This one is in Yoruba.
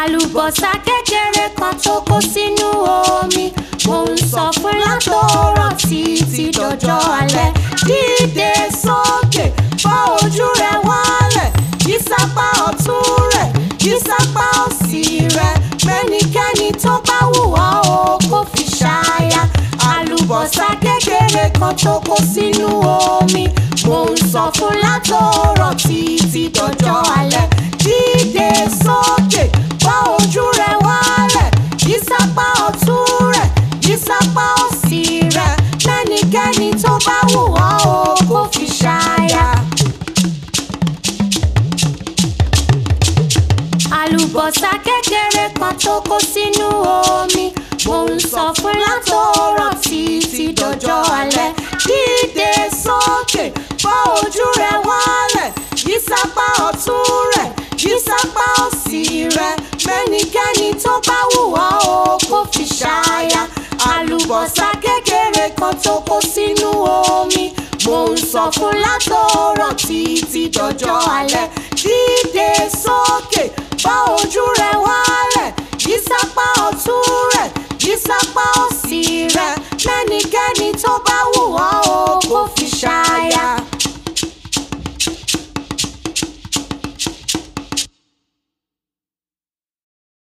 àlùbọ́sà kékeré kan tó kó sínú omi mo ń sọ fún látòrọ títí dọjọ́ alẹ́ dìde sókè fọ́ ojú rẹ wálẹ̀ yí sápá ọ̀tún rẹ yí sápá òsì rẹ pẹ́nikẹ́ni tó bá wùwọ́ o fi ṣáyà àlùbọ́sà kékeré kan tó kó sínú omi mo ń sọ fún látòrọ. tó bá wù ọ́ o kó fi ṣaya. àlùbọ́sà kékeré kan tó kó sínú omi mo ń sọ fún látòórọ̀ títí dọjọ́ alẹ́ dìde sókè fọ́ ojú rẹ wálẹ̀ yí sápá ọ̀tún rẹ̀ yí sápá òsì rẹ̀ mẹ́nikẹ́ni tó bá wù ọ́ o kó fi ṣaya àlùbọ́sà kékeré kan tó kó sínú omi sọ fún látòrọ̀ títí dọjọ́ alẹ́ dìde sókè bá ojú rẹ̀ wálẹ̀ yí sápá ọ̀tún rẹ̀ yí sápá òsì rẹ̀ lẹ́nikẹ́ni tó bá wù.